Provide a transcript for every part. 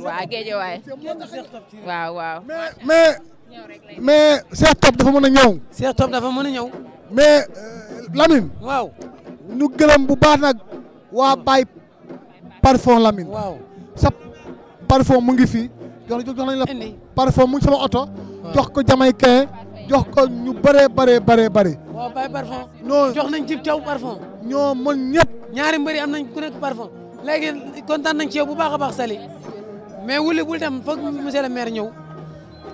Mansour waa Géejawaay waaw waaw. mais mais Cheikh Top dafa mën a ñëw. Cheikh dafa mën a ñëw. mais euh, Lamine. waaw ñu gërëm bu baax nag waa Baye parfum Lamine. waaw sa parfum mu ngi fi jox jox nañ la parfum mu ngi sama oto. jox ko Jamaïcain jox ko ñu bëree bëree bëree bëri. waaw Baye parfum. non jox nañ ci taw parfum. ñoo mën ñëpp. ñaari mbëri am nañ ku nekk parfum léegi kontaan nañ ci bu baax a baax Sali. mais wuli bul dem foog monsieur le maire ñëw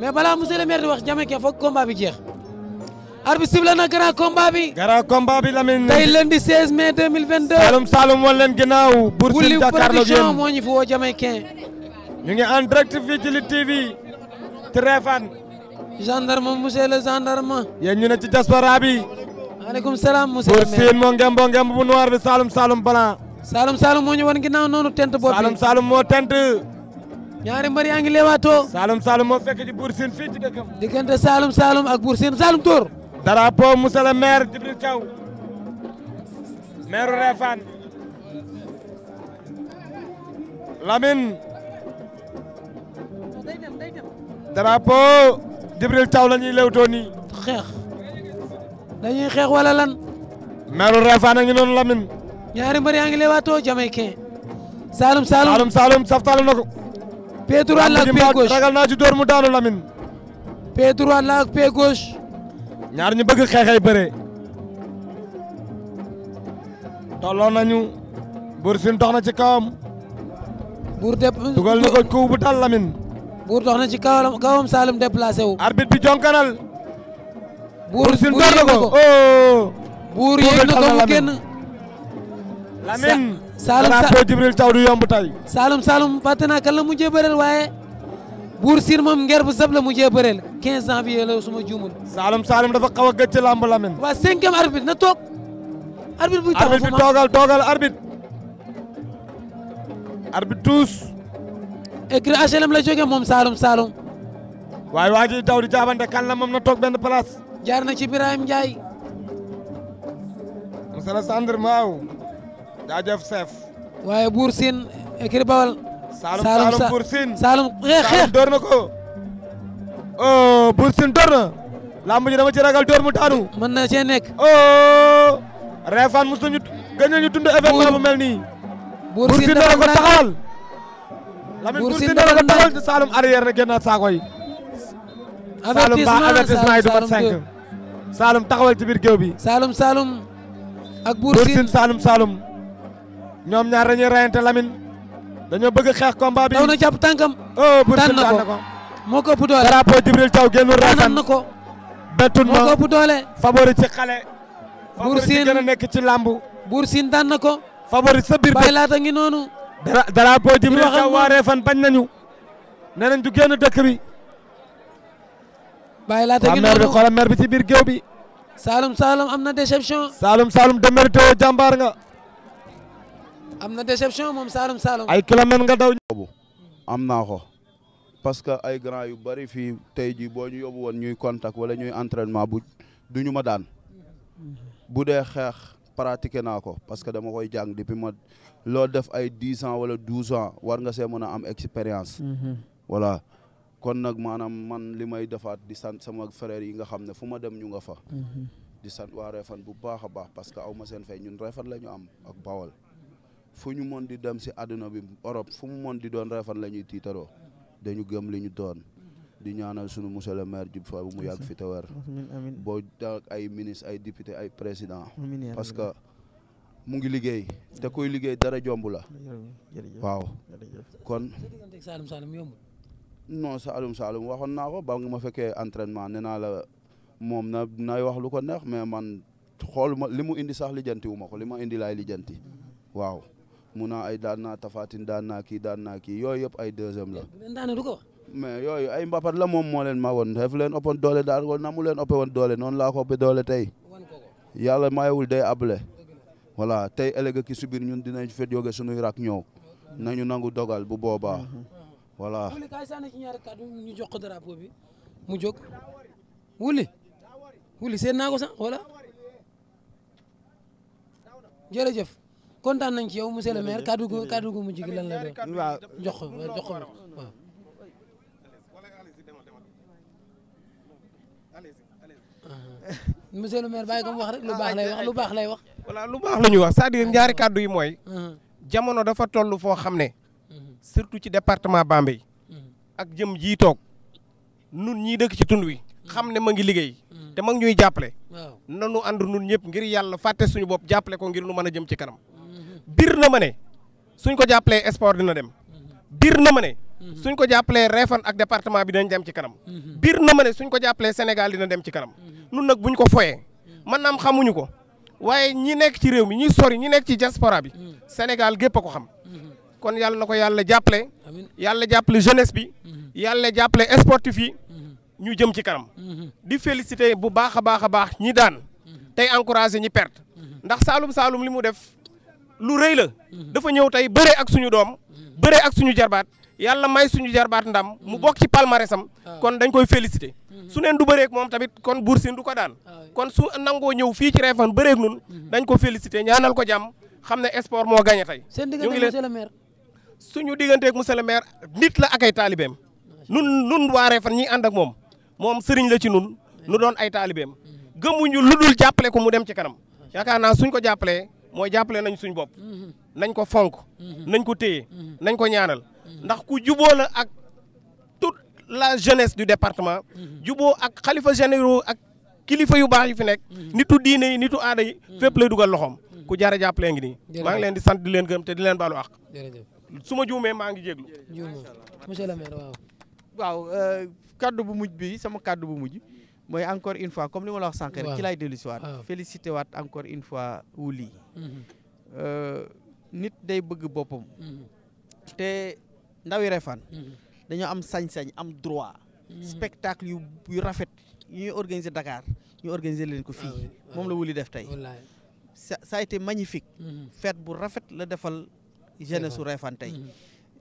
mais balaa monsieur le maire di wax Jamaïcain foog combat bi jeex. arbitre sifflé na grand combat bi. grand combat bi Lamine. tey lundi 16 mai 2022. Saloum Saloum fi woo Jamaïcain. ñu ngi en direct fii ci Lutte TV. Tréfan. gendarme monsieur le gendarme. ne ci diaspora bi. maaleykum salaam monsieur le maire Bour Sine moo ngemb moo ngemb wan ginnaaw noonu tent bopp bi. Saloum moo tent. ñaari mbër yaa ngi leewaato Saalum Saalum moo fekk ci Bour Sine fii ci dëkkam. diggante Saalum Saalum ak Bour Sine Saalum Dóor. drapeau Moussa le maire Djibril Thiaw maire Réfane Lamine drapeau Djibril Thiaw la ñuy lewtoo nii. xeex dañuy xeex wala lan. maire Réfane a ngi noonu Lamine. ñaari mbër yaa ngi leewaatoo Jamaïcain. Saalum Saalum Saalum Saalum pied droit la ak pied gauche ragal naa ci door mu ñu bëgg xeexay bëree. tolloo nañu. ci kawam. Bour dep dugal na ko coup dal Lamine. Bour dox na ci kawam kawam Saloum déplacé wu. bi jonkanal. Bour Sine door na ko Bour na ko oh. mu génn. Lamine. Saalum drapeau Jibril Thiaw du yomb tay Saalum Saalum fàtte naa kan la mujjee bëreel waaye buur sir moom nger bu sab la mujjee bëreel 15 janvier la suma juumul Saalum Saalum dafa xaw a gëcc lamb la men waa cinquième na toog arbitre buy taxaw arbitre bi toogal toogal arbitre arbitre tous écrit HLM la jógee moom Saalum Saalum waaye waa ji daw di jaabante kan la na toog benn place jaar na ci Ibrahima Ndiaye monsieur le gendarme jaajëf chef. waaye buur siin kii bawal. Saalum Saalum buur siin Saalum eh, xeex xeex ko. oh buur siin door na. lamb ji dama ci door mu daanu. mën naa cee nekk. oh. Réfane mos nañu gën nañu dund événement mel nii. buur siin ko taxawal. Lamine buur ko taxawal Saalum arrière na saako yi. avertissement Saalum ba avertissement yi du Saalum taxawal ci biir géew bi. Saalum Saalum. ak buur Saalum Saalum. ñoom ñaar dañuy rayante Lamine dañoo bëgg xeex combat bi. taw na jàpp tànkam. daan oh, na ko moo ko ëpp doole. drapeau xale. buur siin favori ci gën a nekk ci làmbu. buur siin na ko. favori sa laata ngi noonu. dara drapeau Djibril Thiaw waa Réfane bañ nañu. nee nañ du dëkk bi. bàyyi laata ngi noonu ci biir géew bi. Saalum Saalum am na déception. Saalum Saalum de mérite nga. am na déception moom Saalum Saalum. ay kilomètres nga daw. am naa ko parce que ay grand yu bari fii tey jii boo ñu yóbbu woon ñuy contact wala ñuy entraînement bu duñu ma daan bu dee xeex pratiqué naa ko parce que dama koy jàng depuis ma loo def ay dix ans wala douze ans war nga see mën a am expérience. Mhm. voilà kon nag maanaam man li may defaat di sant sama frère yi nga xam ne fu ma dem ñu nga fa. Mhm. di sant waa Réfane bu baax a baax parce que aw ma seen fay ñun Réfane la ñu am ak Bawol. fu ñu mën di dem si àdduna bi Europe fu mu moon di doon Refane la ñuy tiitaroo dañu gëm li ñu doon di ñaanal sunu monsieur le maire Diouf Faye bu mu yàgg fi te wér boo tax ay ministre ay député ay président parce que mu ngi liggéey te kuy liggéey dara jomb la waaw kon non Saalum Saalum waxoon naa ko ma fekkee entraînement nee naa la moom na nay wax lu ko neex mais man xool ma li mu indi sax lijjanti wu ma ko li ma indi laay lijjanti waaw mun naa ay daan naa tafaatin daan naa kii daan naa kii yooyu yëpp ay deuxième la. mais yooyu ay mbapat la moom moo ma woon def leen ëppoon doole daal ko na mu leen ëppe woon doole noonu laa ko doole tey yàlla mayewul day able voilà tey ëllëg ki subir ñun dinañ fet yoge suñuy rak ñëw nañu nangu dogal bu boobaa mhm. voilà wuli kaay sànni ci ñaari seen naa ko sax voilà jërëjëf kontaan nañ ci yow monsieur le maire kaddu gu kaddu gu mujj la doon. jox ko jox ko waaw. monsieur le maire bàyyi ko mu wax rek lu ah, baax lay wax lu baax lay wax. voilà lu baax la ñuy wax cest ñaari kaddu yi mooy. Uh-huh. Uh-huh. jamono dafa toll foo xam ne. Uh-huh. surtout ci département Bambey. ak jëm jii toog nun ñii dëkk ci tund wi. xam ne ma ngi liggéey. te mag ñuy jàppale. waaw nanu ànd nun ñëpp ngir yàlla fàtte suñu bopp jàppale ko ngir nu mën a jëm ci kanam. biir na ma ne suñ ko jàppalee sport dina dem biir na ma ne suñ ko jàppalee Réfane ak département bi dañ dem ci kanam bir na ma ne suñ ko jàppalee Sénégal dina dem ci kanam nun nag buñ ko foyee man naam xamuñu ko waaye ñi nekk ci réew mi ñi sori ñi nekk ci diaspora bi Sénégal gépp a ko xam kon yàlla na ko yàlla jàppale yàlla jàppale jeunesse bi yàlla jàppale sportif yi ñu jëm ci kanam di féliciter bu baax a baax a baax ñi daan tey encourager ñi perte ndax saalum saalum li mu def lu rëy la dafa ñëw tey bëre ak suñu doom bëre ak suñu jarbaat yàlla may suñu jarbaat ndam mu bokk ci sam ah. kon dañ koy félicité mhm. su neen du bëreek moom tamit kon Bour Sine du ko daan ah kon su nangoo ñëw fii ci Réfane bëreek nun mhm. dañ ko félicité ñaanal ko jàmm xam ne espor moo gagné tey ñu ngi leen suñu digganteek monsieur le maire nit la ak ay taalibeem nun nun waa Réfane ñi ànd ak moom moom sëriñ la ci nun nu doon ay taalibeem mhm. gëmuñu lu dul jàppale ko mu dem ci kanam yaakaar naa mooy jàppale nañ suñ bopp mhm. nañ ko fonk mhm. nañ ko téye mhm. nañ ko ñaanal ndax ku juboo la ak toute la jeunesse du département juboo ak xalifa généraux ak kilifa yu baax yi fi nekk nitu diine yi nitu aada yi fépp lay dugal loxoom ku jaara jàppale ngi ni maa ngi leen di sant di leen gërëm te di leen baalu àq su ma juumee maa ngi jéglu monsieur le maire waaw waaw euh, kaddu bu muj bi sama kaddu bu mujj mooy encore une fois comme li ma la wax sànq rek ci laay dellusi waat félicité waat encore une fois Wouly mhm. euh, nit day bëgg boppam mhm. te yi Refane mhm. dañoo am sañ-sañ am droit spectacle yu rafet yu ñuy organiser Dakar ñu organiser leen ko fii ah ah moom la Wouly def tey ça a été magnifique fête bu rafet la defal jeunesse su Refane tey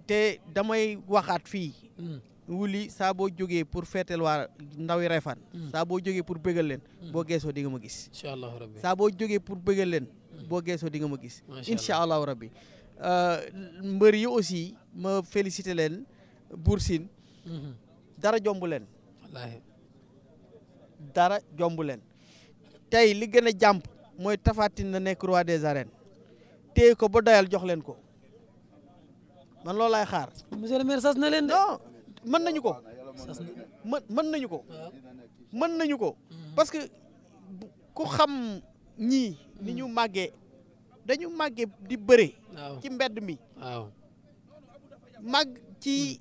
te damay waxaat fii wuli saa boo jógee pour feetel waa ndawi Refane hmm. saa boo jógee pour bëggal leen hmm. boo geesoo dinga ma gis incha allahu rabbi saa boo jógee pour bëggal leen hmm. boo geesoo di nga ma gis incha allahu rabbi euh, mbër yi aussi ma félicité leen Bour Sine dara jomb leen dara jomb leen tey li gën a jàmp mooy tafaatin na nekk roi des arènes téye ko ba doyal jox leen ko man loolu xaar monsieur le maire sas na leen de mën nañu ko. mën nañu ko. mën nañu ko. parce que ku xam ñii. ni ñu màggee dañu màggee di bëre. ci mbedd mi. màgg ci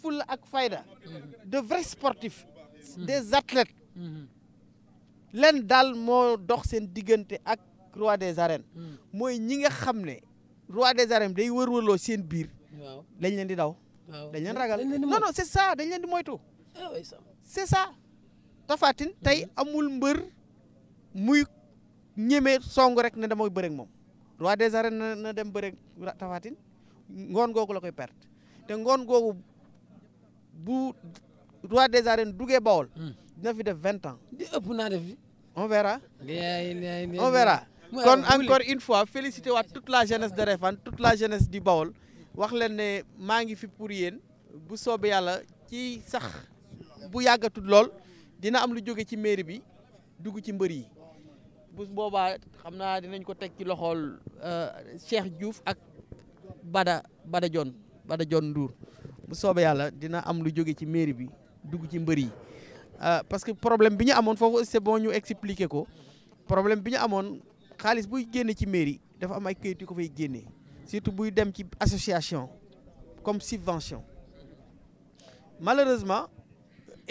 fulla ak fayda. de vrais sportifs. des athlètes. leen daal moo dox seen diggante ak roi des arènes. Hmm. mooy ñi nga xam ne roi de arènes day wër-wërloo seen biir. lañ leen di daw. dañ leen ragal non non c'est ça dañ leen di moytu ah, c'est ça Tapha Tine tey mm-hmm. amul mbër muy ñeme song rek ne damay bëre ak moom roi des arènes na dem bëre tafaatin ngoon googu la koy perte te ngoon googu bu roi des arènes duggee Bawol mm. dina fi def vingt ans di ëpp naa def on verra on verra kon encore une fois féliciter waat toute la jeunesse de Réfane toute la jeunesse du Bawol wax leen ne maa ngi fi pour yéen bu soobee yàlla ci sax bu yàggatul lool dina am lu jóge ci mairie bi dugg ci mbër yi bu boobaa xam naa dinañ ko teg ci loxool euh, Cheikh Diouf ak Bada Bada Jon Bada Jon Ndour bu soobee yàlla dina am lu jóge ci mairie bi dugg ci mbër yi euh, parce que problème bi ñu amoon foofu c'est bon ñu expliquer ko problème bi ñu amoon xaalis buy génne ci mairie dafa am ay kayit yu ko fay génnee surtout buy dem ci association comme subvention malheureusement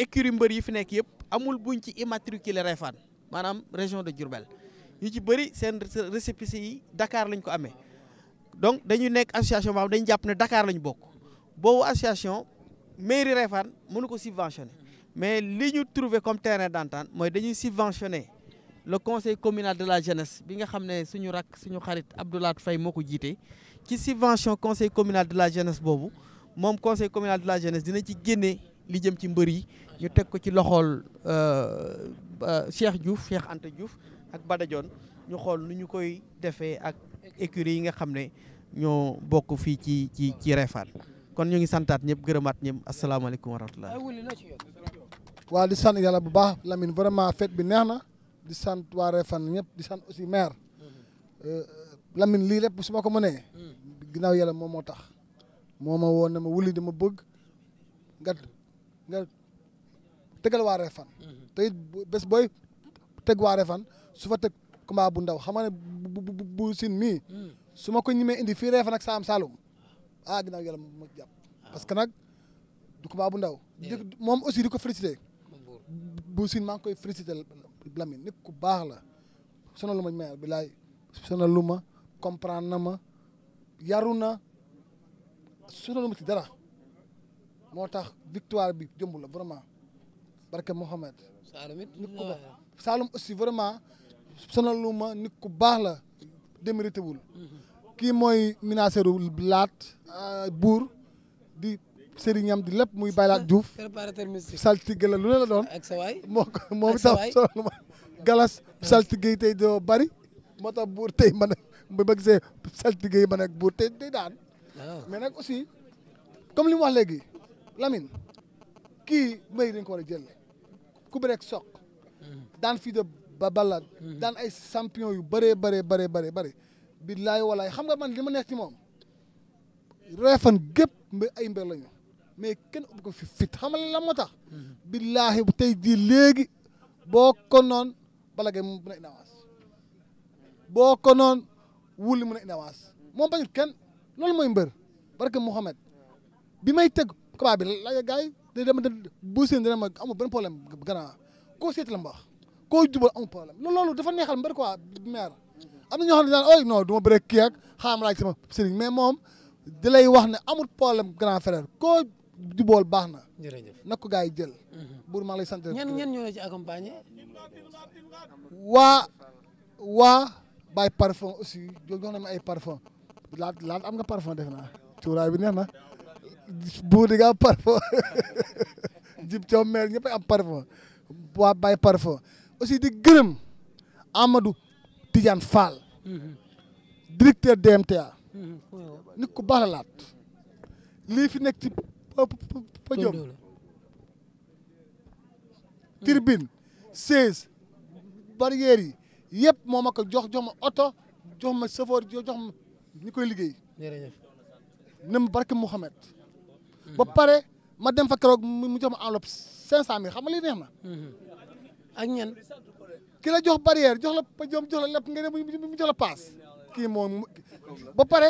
écurie mbër yi fi nekk yëpp amul buñ ci immatriculé Refane maanaam région de Diourbel yu ci bëri seen récépissé yi dakaar lañ ko amee donc dañu nekk association boo xam dañu jàpp ne Dakar lañ bokk boobu association mairie Refane mënu ko subventionné mais li ñu trouvé comme terrain d'entente mooy dañuy subventionné le conseil communal de la jeunesse bi nga xam ne suñu rakk suñu xarit Abdoulaye Faye moo ko jiite ci subvention conseil communal de la jeunesse boobu moom conseil communal de la jeunesse dina ci génne li jëm ci mbër yi ñu teg ko ci loxool euh, Cheikh Diouf Cheikh Anta Diouf ak Bada Dione ñu xool nu ñu koy defee ak écurie yi nga xam ne ñoo bokk fii ci ci ci Réfane kon ñu ngi santaat ñëpp gërëmaat ñëpp asalaamaaleykum wa rahmatulah. waa di sant yàlla bu baax Lamine vraiment fête bi neex na di sant waa Réfane ñëpp di sant aussi maire euh, Lamine lii lépp su ko mënee ginnaaw yàlla moom moo tax moo ma woon na ma wuli dama bëgg nga nga tegal mhm. waa Refane su fa teg combat bu ndaw xam nga ne bu sin mhm. su ma ko ñimee indi fii Refane ak Saam Saalum ah ginnaaw jàpp parce que nag du combat bu ndaw moom aussi di ko félicité bu sin maa ngi koy félicité Lamine nit ku baax la sonal lu ma ñu mayal bilaay sonal na ma yaru na sonaluma dara moo tax victoire bi jëmb la vraiment barke Mohamed. Saalum it nit ku aussi vraiment sonaluma nit ku baax la démérité kii mooy minaceru laat euh, buur di sëriñam di lépp muy baylaat Diouf saltige la lu ne la doon moo moom itam sonaluma galas ah. saltige tey doo bari moo tax buur tey ma ne ba bëgg see saltige yi ba nag buur te day daan. Ah. mais nag aussi comme li mu wax léegi Lamine kii mbéy dañ ko war a jël ku bëreeg soq. Hmm. daan fii de ba balla hmm. daan ay champion yu bëree bëree bëree bëree bëri. billaay walaay xam nga man li ma nekk ci moom. reefan gépp mba ay mbir lañu mais kenn ubbi ko fi fit xam nga lan moo tax. Hmm. billaahi bu tey jii léegi boo ko noon bala ngay mun a avance boo ko noon wulli mën a indi avance moom bañut kenn loolu mooy mbër barke Mouhamed bi may teg combat bi la gars yi da dama da amul benn problème grand koo seet la ma wax koo jubal amul problème loolu dafa neexal mbër ko maire am na ñoo xam ne daan mais moom di wax ne amul problème grand frère koo jubool baax na. jërëjëf na yi jël. Mhm. buur maa ngi lay sant. ñan ñan ñoo la ci waa waa. bàyyi parfum aussi jox nañu ay parfum laat laat am nga parfum def naa cuuraay bi neex na buu di nga am parfum jib coow meer ñëpp am parfum waa bàyyi parfum aussi di gërëm Amadou Tidiane Fall directeur DMTA nit ku baax fi nekk ci podium tribune seize barrières yi yëpp moo ma jox jox ma oto jox ma chauffeur jox ma ñu koy liggéey. jërëjëf ne barke Mouhamed. ba pare ma dem fa keroog mu jox ma enveloppe cinq cent mille xam nga lii neex na. ak ñen ki jox barrière jox la pa jox la lépp jox la paas. kii moom ba pare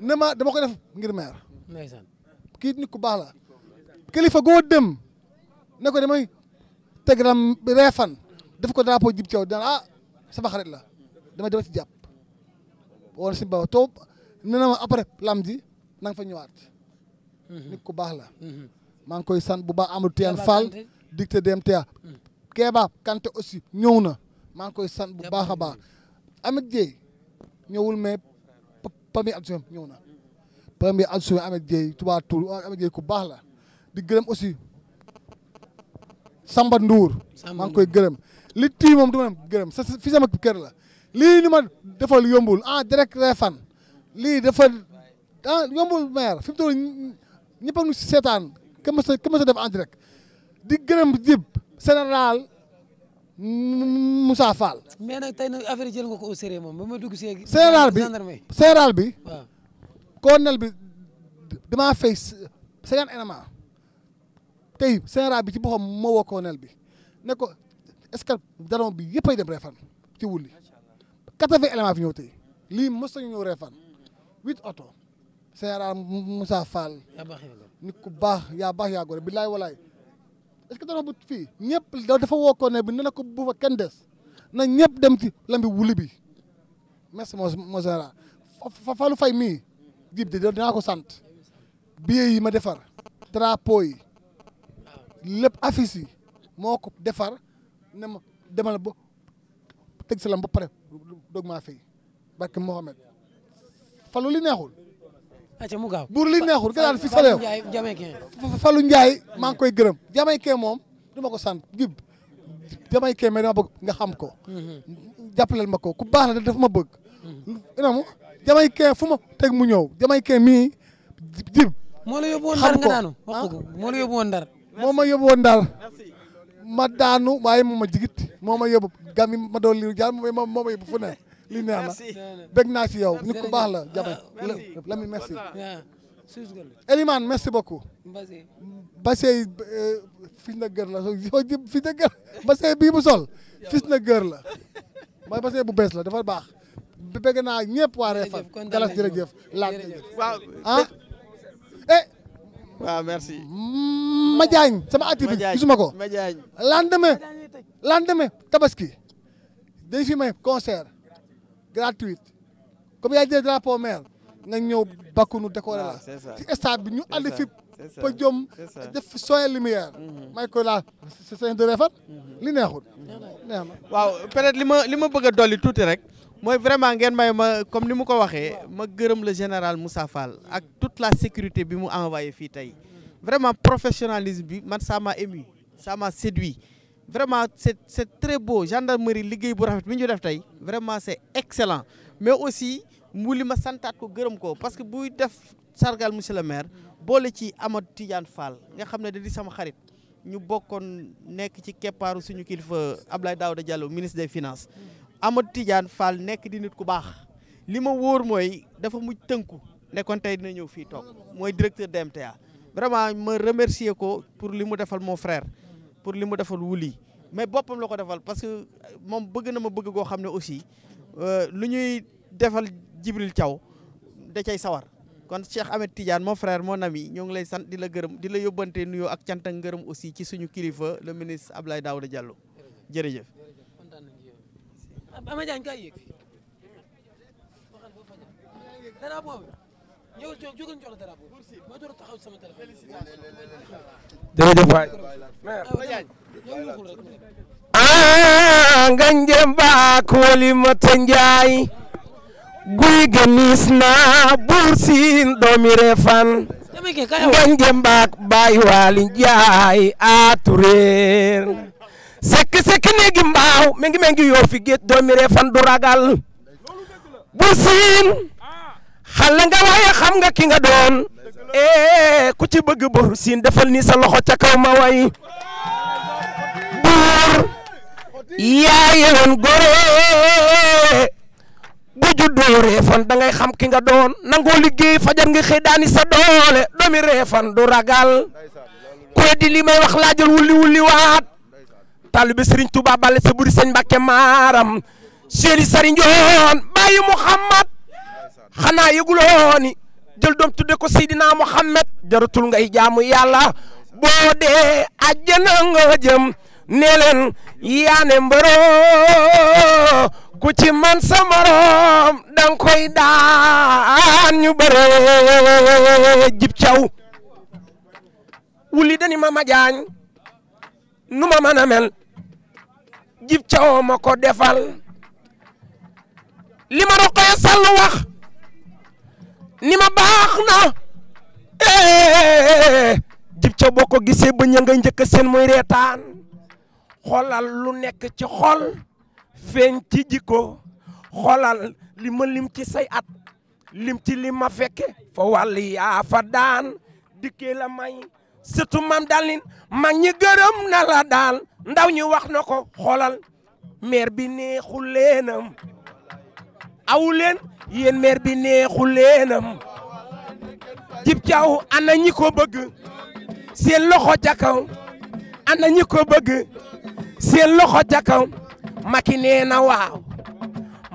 ne dama ko def ngir meer. ndeysaan kii nit ko baax la. kilifa goo dem ne ko damay tegram reefan def ko drapeau jib caw daan ah. sama xarit la dama dama ci jàpp wala si baaw toog nee ma après lam ji nang fa ñëwaat. Mhm. nit ku baax la. Mhm. maa ngi koy sant bu baax Amadou Tidiane Fall dicté DMTA. Mhm. Kéba Kanté aussi ñëw na maa ngi koy sant bu baax a baax. Amath Dieye ñëwul mais premier adjoint ñëw na. premier adjoint Amath Dieye tubaab tur Amath Dieye ku baax la di gërëm aussi Samba Ndour maa ngi koy gërëm li tii moom du ma gërëm sa fi sama kër la lii ni ma defal yombul en ah, direct Refane lii dafa ah yombul maire fi mu toll ñëpp a seetaan ka ma sa ka ma sa def en direct di gërëm jib général Moussa Fall. mais nag tey nag affaire jël nga ko au sérieux moom ba ma bi général bi. waaw colonel bi damaa fay cinquante éléments tey général bi ci boppam moo woo colonel bi ne ko est-ce que daron bi yëpp ay dem Réfane ci wulli quatre-vingts éléments fi ñëw tey lii mos nañu ñëw Réfane huit oto général Moussa Fall nit ku baax yaa baax yaa gore billaay walaay est-ce que daron bu fii ñëpp dafa woo colonel bi ne na ko bu fa kenn des na ñëpp dem ci lambi wuli bi merci moo moo général Fallou Faye jib de dinaa ko sant billet yi ma defar drapeau yi lépp affiche moo ko defar ne ma demal ba teg si lam ba pare doog maa fay barke Mohamed falu li neexul. ayca mu gaaw buur li neexul nga daal fi sa maa ngi koy gërëm. Jamaïcain moom du ko sant jib Jamaïcain mais dama bëgg nga xam ko. jàppaleel ma ko ku baax la dafa ma bëgg. inamu Jamaïcain fu ma teg mu ñëw Jamaïcain mii jib. moo la yóbbu woon ndar moo ma yóbbu woon daal ma daanu waaye moo ma jigit moo ma yóbbu gam ma doon liir jaar moo ma yóbbu fu ne li neex na bég naa si yow nit ku baax la jabe ah, Lamine merci Elimane merci beaucoup basey fis na gër la fis na gër basey bii mu sol fis na gër la mooy basey bu bees la dafa baax bëgg naa ñëpp waa Réfane galas jërëjëf laaj waaw ah waaw merci. ma sama atti bi gisuma ko. ma jaañ lendemain lendemain tabaski dañ fi may concert gratuit comme yaa jël drapeau maire nga ñëw bakkunu décorer la ci stade bi ñu ànd fi pa jom def soye lumière mm-hmm. may ko laa c'est de mm-hmm. li neexul mm-hmm. neex na waaw peut li ma li ma bëgg dolli tuuti rek mooy vraiment ngeen may ma comme ni ma ko waxee ma gërëm la général Moussa faal ak toute la sécurité bi mu envoyé fii tey vraiment professionnalisme bi man ça m'a ému ça m'a séduit vraiment c'est c'est très beau gendarmerie liggéey bu rafet bi ñu def tey vraiment c'est excellent mais aussi mu li ma santaat ko gërëm ko parce que buy def sargal monsieur le maire boole ci Amadou Tidiane Fall nga xam ne da di sama xarit ñu bokkoon nekk ci keppaaru suñu kilifa Abdoulaye Daouda Diallo ministre des finances Amadou Tidiane Fall nekk di nit ku baax li ma wóor mooy dafa mujj tënku nekkoon tey dina ñëw fii toog mooy directeur de MTA vraiment ma remercier ko pour li mu defal mon frère pour li mu defal wuli mais boppam loo ko defal parce que euh, moom bëgg na ma bëgg goo xam ne aussi euh, lu ñuy defal Jibril Thiaw da cay sawar kon Cheikh Ahmed Tidiane mon frère mon ami ñoo ngi lay sant di la gërëm di la yóbbante nuyoo ak cant gërëm aussi ci suñu kilifa le ministre ab lay daaw Daouda Diallo jërëjëf Ama Diagne kaay yéeg ah, mata njaay. guy genis na buur siin refan nga njëm baak waali njaay a sekk sekk néegi mbaaw mi ngi me ngi yoo fi doomi ree fan du ragal bu siin xale nga waaye xam nga ki nga doon eh, ku ci bëgg bur siin defal ni sa loxo ca kaw ma way buur yaaye woon gore bu juddoo reefan da xam ki nga doon nangoo liggéey fajar nga xëy daani sa doole doomi reefan du ragal ku di li may wax laajal wulli wulli waat taalibe Serigne Touba Balla sa buri Serigne Mbacke maaram seeli sari njoon bàyyi Muhammad xanaa yëgulooni jël doom tudde ko Seydina Muhammad jaratul ngay jaamu yàlla boo dee àjjana nga jëm nee yaane mbëroo ku ci man sa morom dang koy daan ñu bëre jib caw wuli dani ma majaañ nu ma mën mel jib cawoo ma ko defal li ma Rokhaya Sall wax ni ma baax na eh, jib ca boo ko gisee ba ña nga njëkk seen muy reetaan xoolal lu nekk ci xol feeñ ci jikko xoolal li ma lim ci say at lim ci li ma fekke fa wàll yaa fa daan dikkee la may surtout mam dalin mag ñi gërëm na la daal ndaw ñi wax na ko xoolal maire bi neexul leenam awu leen bi neexul leenam jib caaw ana ñi ko bëgg seen loxo ca kaw ana ñi ko bëgg seen loxo ca kaw Macky nee na waaw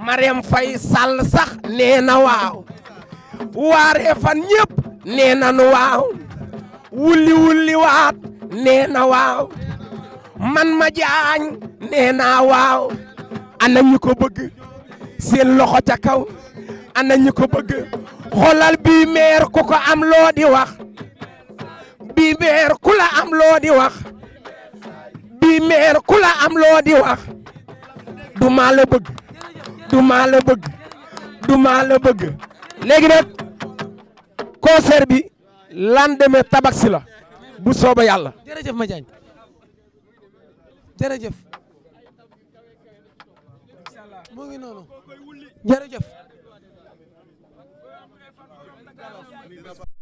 Marème Faye Sall sax nee na waaw waaree fan ñëpp nee nanu waaw wulli wulli na waaw man ma jaañ nee naa waaw ana ñu ko bëgg seen loxo ca kaw ana ñu ko bëgg xoolal bii meer ku ko am loo di wax bii meer ku la am loo di wax du maa la bëgg du maa la bëgg du maa la bëgg léegi nag concert bi lendemain tabaski la bu sooba yàlla jërëjëf ma jërëjëf mu noonu jërëjëf